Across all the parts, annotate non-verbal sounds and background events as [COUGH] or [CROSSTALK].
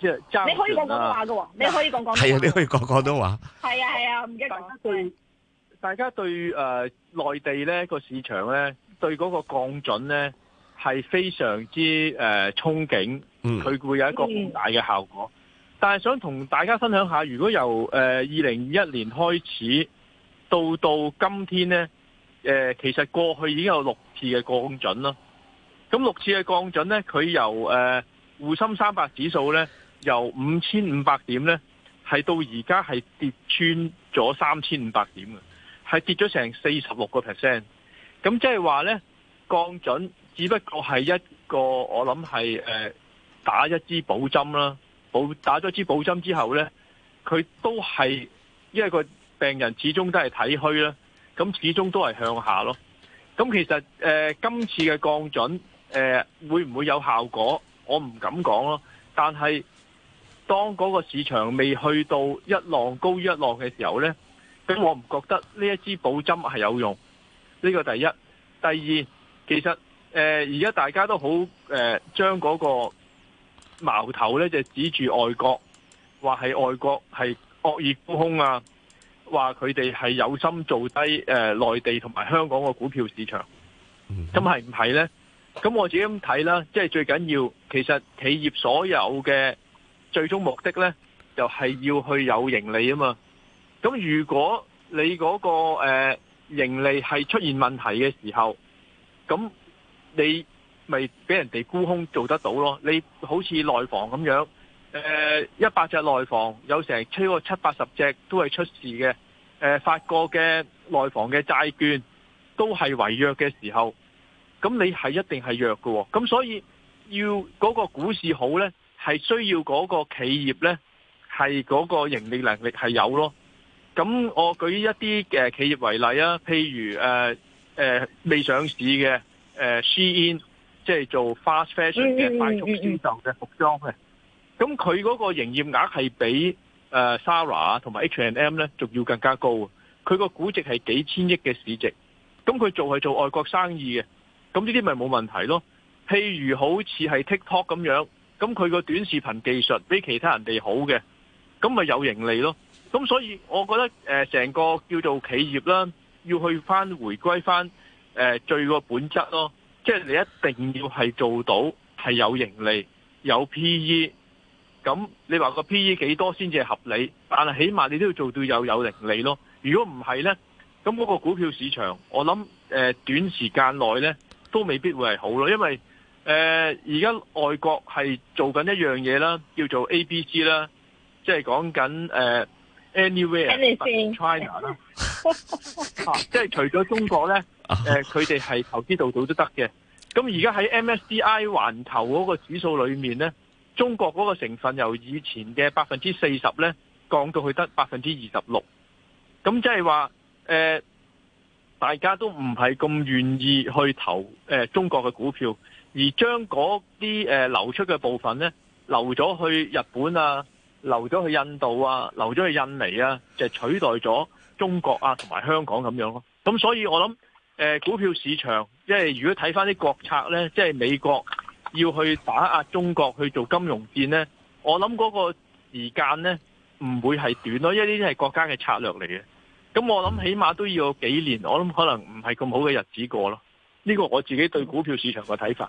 你可以講廣東話噶，你可以講廣東話。係啊，你可以講廣東話。係啊係啊，唔記得講句。大家對誒內、呃、地咧個市場咧，對嗰個降準咧係非常之誒、呃、憧憬，佢、嗯、會有一個好大嘅效果。嗯、但係想同大家分享一下，如果由誒二零二一年開始到到今天咧，誒、呃、其實過去已經有六次嘅降準咯。咁六次嘅降準咧，佢由誒滬、呃、深三百指數咧。由五千五百點咧，係到而家係跌穿咗三千五百點嘅，係跌咗成四十六個 percent。咁即係話咧，降準只不過係一個我諗係誒打一支保針啦，保打咗支保針之後咧，佢都係因為個病人始終都係體虛啦，咁始終都係向下咯。咁其實誒、呃、今次嘅降準誒、呃、會唔會有效果？我唔敢講咯，但係。當嗰個市場未去到一浪高於一浪嘅時候呢，咁我唔覺得呢一支補針係有用。呢個第一，第二，其實誒而家大家都好誒、呃，將嗰個矛頭呢就指住外國，話係外國係惡意沽空啊，話佢哋係有心做低誒、呃、內地同埋香港個股票市場。咁係唔係呢？咁我自己咁睇啦，即係最緊要其實企業所有嘅。最終目的呢，就係、是、要去有盈利啊嘛。咁如果你嗰、那個、呃、盈利係出現問題嘅時候，咁你咪俾人哋沽空做得到咯。你好似內房咁樣，誒一百隻內房有成超過七八十隻都係出事嘅。發過嘅內房嘅債券都係違約嘅時候，咁你係一定係弱嘅。咁所以要嗰個股市好呢，係需要嗰個企業呢，係嗰個盈利能力係有咯。咁我舉一啲嘅企業為例啊，譬如誒誒、呃呃、未上市嘅誒、呃、Shein，即係做 fast fashion 嘅快速時尚嘅服裝嘅。咁佢嗰個營業額係比 Zara 同埋 H&M 呢，仲要更加高的。佢個估值係幾千億嘅市值。咁佢做係做外國生意嘅，咁呢啲咪冇問題咯。譬如好似係 TikTok 咁樣。咁佢個短視頻技術比其他人哋好嘅，咁咪有盈利咯。咁所以，我覺得誒成、呃、個叫做企業啦，要去翻回歸翻誒最個本質咯。即係你一定要係做到係有盈利、有 PE。咁你話個 PE 幾多先至係合理？但係起碼你都要做到又有，有盈利咯。如果唔係咧，咁嗰個股票市場，我諗誒、呃、短時間內咧都未必會係好咯，因為。誒，而家、呃、外國係做緊一樣嘢啦，叫做 A B C 啦，即係講緊誒、呃、anywhere but China 啦， [LAUGHS] 啊，即係除咗中國咧，誒佢哋係投資到到都得嘅。咁而家喺 M S C I 環球嗰個指數裏面咧，中國嗰個成分由以前嘅百分之四十咧，降到去得百分之二十六，咁即係話誒，大家都唔係咁願意去投誒、呃、中國嘅股票，而將嗰啲流出嘅部分呢，流咗去日本啊，流咗去印度啊，流咗去印尼啊，就取代咗中國啊同埋香港咁樣咯。咁所以我諗、欸、股票市場，即係如果睇翻啲國策呢，即係美國要去打壓中國去做金融戰呢，我諗嗰個時間呢唔會係短咯，因為呢啲係國家嘅策略嚟嘅。咁我諗起碼都要幾年，我諗可能唔係咁好嘅日子過咯。呢、呢個我自己對股票市場嘅睇法。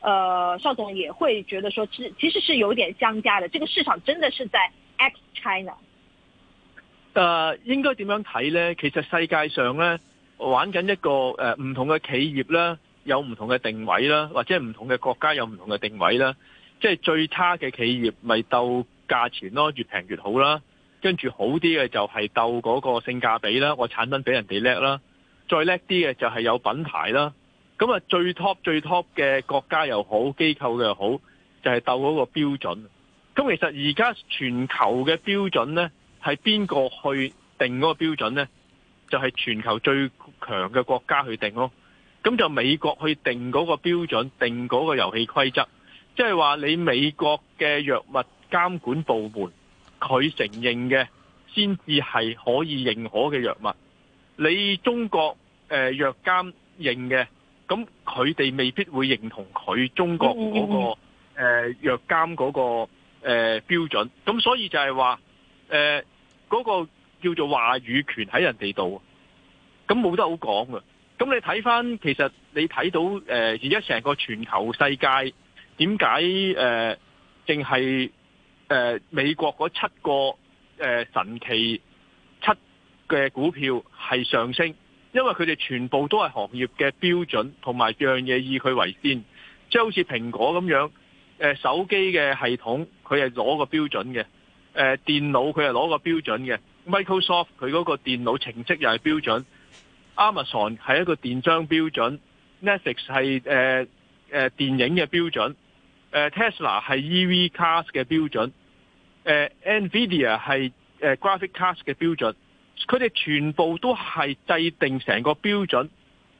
呃，邵總也會覺得說，其實其實是有點相加的，這個市場真的是在 X China。呃，應該點樣睇呢？其實世界上呢，玩緊一個誒，唔同嘅企業啦，有唔同嘅定位啦，或者唔同嘅國家有唔同嘅定位啦。即係最差嘅企業，咪鬥價錢咯，越平越好啦。跟住好啲嘅就係鬥嗰個性價比啦，我產品比人哋叻啦。再叻啲嘅就係有品牌啦。咁啊，最 top 最 top 嘅國家又好，機構又好，就係、是、鬥嗰個標準。咁其實而家全球嘅標準呢，係邊個去定嗰個標準呢？就係、是、全球最強嘅國家去定咯。咁就美國去定嗰個標準，定嗰個遊戲規則，即係話你美國嘅藥物監管部門佢承認嘅，先至係可以認可嘅藥物。你中國誒、呃、藥監認嘅。咁佢哋未必會認同佢中國嗰個誒藥監嗰個誒標準，咁所以就係話誒嗰個叫做話語權喺人哋度，咁冇得好講啊！咁你睇返，其實你睇到誒而家成個全球世界，點解誒淨係誒美國嗰七個誒神奇七嘅股票係上升？因為佢哋全部都係行業嘅標準，同埋樣嘢以佢為先，即係好似蘋果咁樣，誒手機嘅系統佢係攞個標準嘅，誒電腦佢係攞個標準嘅，Microsoft 佢嗰個電腦程式又係標準，Amazon 係一個電商標準，Netflix 係誒電影嘅標準，Tesla 係 EV cars 嘅標準，Nvidia 係 Graphic cards 嘅標準。佢哋全部都係制定成個標準，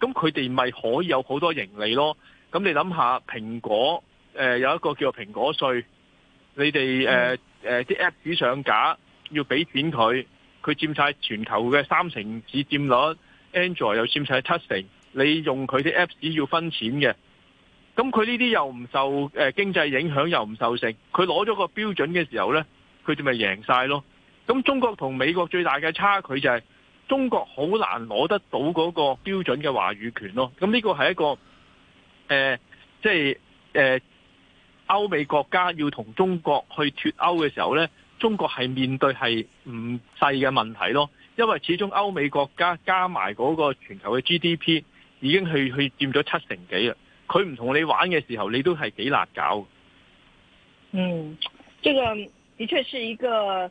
咁佢哋咪可以有好多盈利咯。咁你諗下，蘋果誒、呃、有一個叫做蘋果稅，你哋誒誒啲 Apps 上架要俾錢佢，佢佔晒全球嘅三成市佔率，Android 又佔晒七成，你用佢啲 Apps 要分錢嘅。咁佢呢啲又唔受誒、呃、經濟影響又唔受，又唔受食。佢攞咗個標準嘅時候呢，佢哋咪贏晒咯。咁中國同美國最大嘅差距就係中國好難攞得到嗰個標準嘅話語權咯。咁呢個係一個即係誒歐美國家要同中國去脱歐嘅時候呢，中國係面對係唔細嘅問題咯。因為始終歐美國家加埋嗰個全球嘅 GDP 已經去去佔咗七成幾啦。佢唔同你玩嘅時候，你都係幾難搞。嗯，這個的確是一個。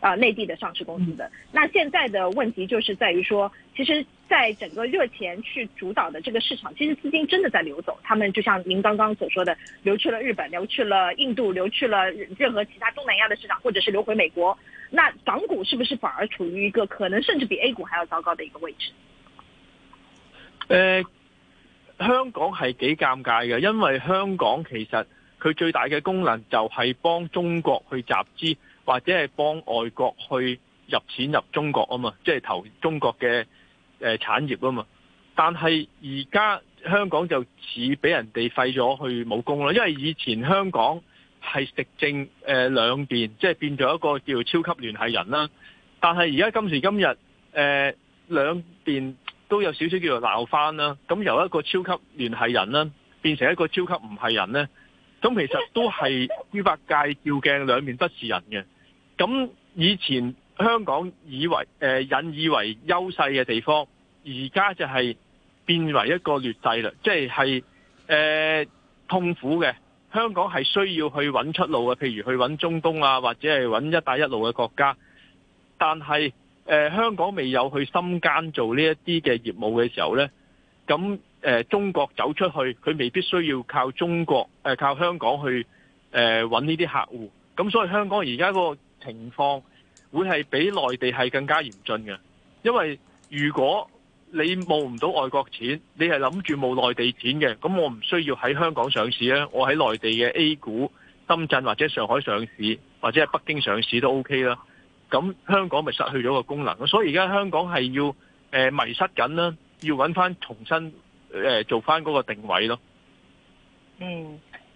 啊、呃，內地的上市公司的那現在的問題就是在於說，其實，在整個熱錢去主導的這個市場，其實資金真的在流走，他們就像您剛剛所說的，流去了日本，流去了印度，流去了任何其他東南亞的市場，或者是流回美國。那港股是不是反而處於一個可能甚至比 A 股還要糟糕的一個位置？呃，香港係幾尷尬嘅，因為香港其實佢最大嘅功能就係幫中國去集資。或者係幫外國去入錢入中國啊嘛，即、就、係、是、投中國嘅誒產業啊嘛。但係而家香港就似俾人哋廢咗去武功啦，因為以前香港係食正誒兩邊，即、就、係、是、變咗一個叫超級聯繫人啦。但係而家今時今日誒、呃、兩邊都有少少叫做鬧翻啦。咁由一個超級聯繫人啦，變成一個超級唔係人咧，咁其實都係豬八戒照鏡兩面不是人嘅。咁以前香港以為誒、呃、引以為優勢嘅地方，而家就係變為一個劣勢啦。即係係誒痛苦嘅。香港係需要去搵出路嘅，譬如去搵中東啊，或者係搵一帶一路嘅國家。但係誒、呃、香港未有去深耕做呢一啲嘅業務嘅時候呢，咁、呃、中國走出去，佢未必需要靠中國、呃、靠香港去誒搵呢啲客戶。咁所以香港而家、那個。情況會係比內地係更加嚴峻嘅，因為如果你募唔到外國錢，你係諗住募內地錢嘅，咁我唔需要喺香港上市咧，我喺內地嘅 A 股、深圳或者上海上市，或者喺北京上市都 OK 啦。咁香港咪失去咗個功能，所以而家香港係要誒迷失緊啦，要揾翻重新誒做翻嗰個定位咯。嗯。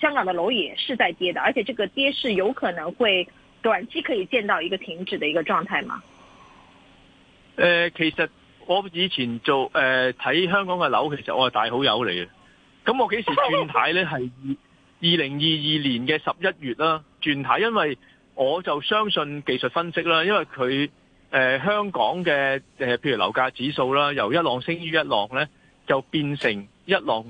香港的樓也是在跌的，而且這個跌是有可能會短期可以見到一個停止的一個狀態嗎、呃？其實我以前做誒睇、呃、香港嘅樓，其實我係大好友嚟嘅。咁我幾時轉態呢？係二零二二年嘅十一月啦、啊，轉態，因為我就相信技術分析啦，因為佢、呃、香港嘅、呃、譬如樓價指數啦，由一浪升於一浪呢，就變成一浪。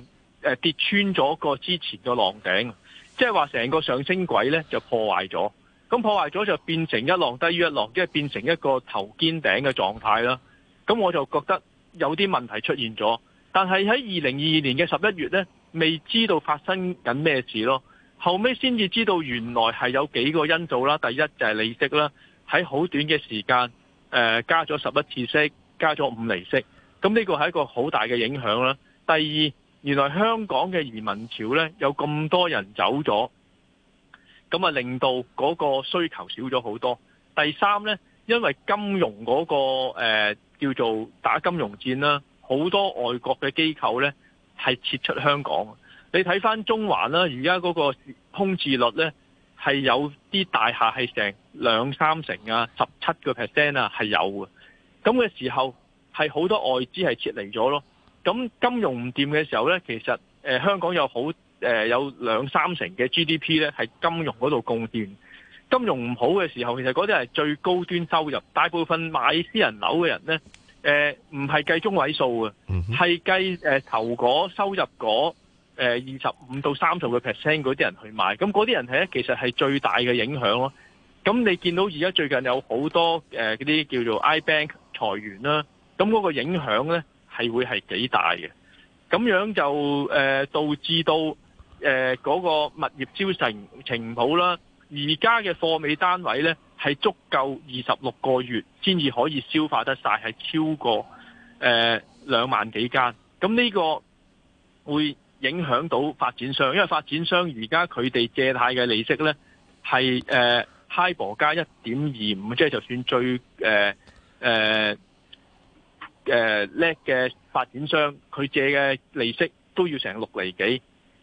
誒跌穿咗個之前個浪頂，即係話成個上升軌呢就破壞咗，咁破壞咗就變成一浪低於一浪，即係變成一個頭肩頂嘅狀態啦。咁我就覺得有啲問題出現咗，但係喺二零二二年嘅十一月呢，未知道發生緊咩事咯。後尾先至知道原來係有幾個因素啦，第一就係利息啦，喺好短嘅時間誒、呃、加咗十一次息，加咗五釐息，咁呢個係一個好大嘅影響啦。第二原來香港嘅移民潮呢，有咁多人走咗，咁啊令到嗰個需求少咗好多。第三呢，因為金融嗰個、呃、叫做打金融戰啦，好多外國嘅機構呢係撤出香港。你睇翻中環啦，而家嗰個空置率呢，係有啲大廈係成兩三成啊，十七個 percent 啊係有嘅。咁嘅時候係好多外資係撤離咗咯。咁金融唔掂嘅時候呢，其實、呃、香港有好誒、呃、有兩三成嘅 GDP 呢係金融嗰度貢獻。金融唔好嘅時候，其實嗰啲係最高端收入，大部分買私人樓嘅人呢，誒唔係計中位數，係計誒頭嗰收入嗰二十五到三十個 percent 嗰啲人去買。咁嗰啲人係呢，其實係最大嘅影響咯。咁你見到而家最近有好多誒嗰啲叫做 iBank 裁員啦，咁嗰個影響呢。係會係幾大嘅，咁樣就誒、呃、導致到誒嗰、呃那個物業招成情唔好啦。而家嘅貨尾單位呢係足夠二十六個月先至可以消化得晒，係超過誒兩、呃、萬幾間。咁呢個會影響到發展商，因為發展商而家佢哋借貸嘅利息呢係誒 HIBOR 加一點二五，即係就算最誒誒。呃呃誒，叻嘅發展商，佢借嘅利息都要成六厘幾，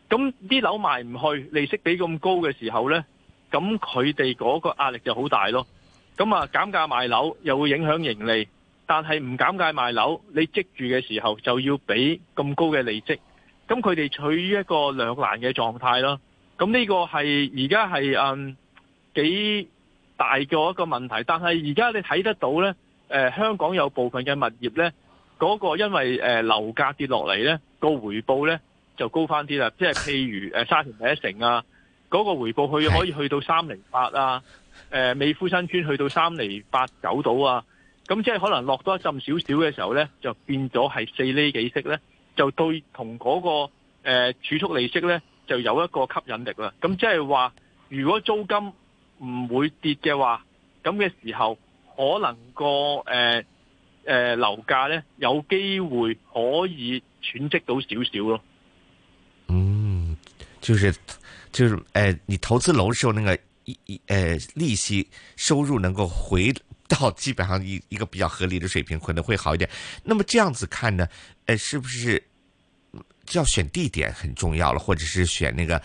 咁啲樓賣唔去，利息俾咁高嘅時候呢，咁佢哋嗰個壓力就好大咯。咁啊，減價賣樓又會影響盈利，但係唔減價賣樓，你積住嘅時候就要俾咁高嘅利息，咁佢哋處於一個兩難嘅狀態啦。咁呢個係而家係嗯幾大嘅一個問題，但係而家你睇得到呢。誒、呃、香港有部分嘅物業呢嗰、那個因為誒、呃、樓價跌落嚟呢，那個回報呢就高翻啲啦。即係譬如、呃、沙田第一城啊，嗰、那個回報去可以去到三零八啊，呃、美孚新村去到三零八九度啊，咁即係可能落多一浸少少嘅時候呢，就變咗係四厘幾息呢，就對同嗰、那個誒、呃、儲蓄利息呢，就有一個吸引力啦。咁即係話，如果租金唔會跌嘅話，咁嘅時候。可能個誒誒樓價咧，有機會可以喘息到少少咯。嗯，就是就是誒、呃，你投資樓的時候，那個一一誒利息收入能夠回到基本上一一個比較合理的水平，可能會好一點。那麼這樣子看呢，誒、呃，是不是就要選地點很重要了，或者是選那個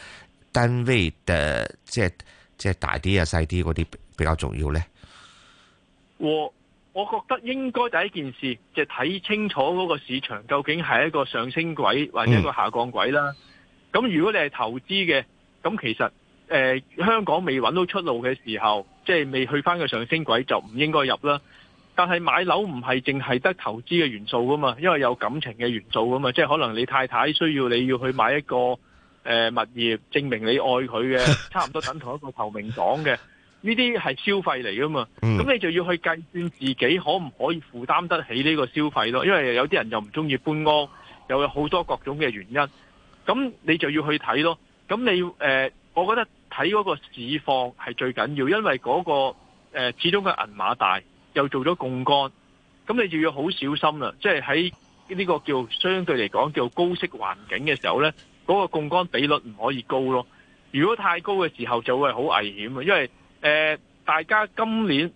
單位的即係即係大啲啊、細啲嗰啲比較重要咧？哦、我覺得應該第一件事就睇、是、清楚嗰個市場究竟係一個上升軌或者一個下降軌啦。咁、嗯、如果你係投資嘅，咁其實誒、呃、香港未揾到出路嘅時候，即係未去翻個上升軌就唔應該入啦。但係買樓唔係淨係得投資嘅元素噶嘛，因為有感情嘅元素噶嘛，即係可能你太太需要你要去買一個誒、呃、物業，證明你愛佢嘅，差唔多等同一個投名狀嘅。 [LAUGHS] 呢啲係消費嚟噶嘛？咁你就要去計算自己可唔可以負擔得起呢個消費咯。因為有啲人又唔中意搬屋，又有好多各種嘅原因。咁你就要去睇咯。咁你誒、呃，我覺得睇嗰個市況係最緊要，因為嗰、嗰個、呃、始終嘅銀碼大又做咗槓桿，咁你就要好小心啦。即係喺呢個叫相對嚟講叫高息環境嘅時候呢，嗰、嗰個槓桿比率唔可以高咯。如果太高嘅時候就會好危險，因為呃、大家今年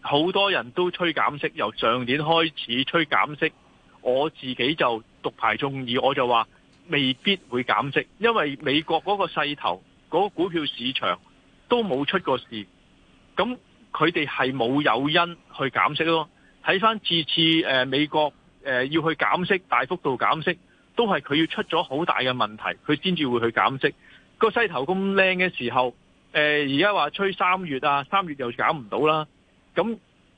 好多人都吹減息，由上年開始吹減息。我自己就獨排眾議，我就話未必會減息，因為美國嗰個勢頭，嗰個股票市場都冇出過事，咁佢哋係冇有因去減息咯。睇翻，次次誒，美國誒要去減息，大幅度減息都係佢要出咗好大嘅問題，佢先至會去減息。嗰個勢頭咁靚嘅時候。誒而家話吹三月啊，三月又減唔到啦。咁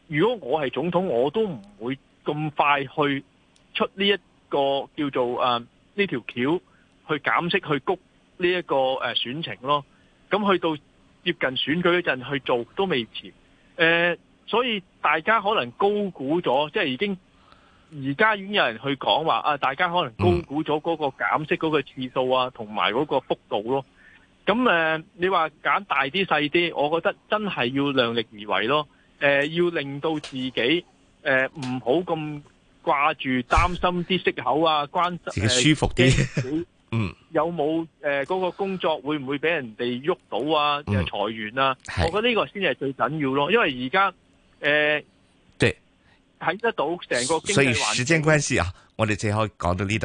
如果我係總統，我都唔會咁快去出呢一個叫做誒呢、呃、條橋去減息去谷呢、這、一個誒、呃、選情咯。咁去到接近選舉嗰陣去做都未遲。誒、呃，所以大家可能高估咗，即係已經而家已經有人去講話啊，大家可能高估咗嗰個減息嗰個次數啊，同埋嗰個幅度咯。咁誒，你話揀大啲細啲，我覺得真係要量力而為咯。誒，要令到自己誒唔好咁掛住擔心啲息口啊，關心自己舒服啲。嗯，有冇誒嗰個工作會唔會俾人哋喐到啊？即係裁員啊？我覺得呢個先係最緊要咯，因為而家誒，對即係睇得到成個經濟環。所以時間關係啊，我哋只可以講到呢度啦。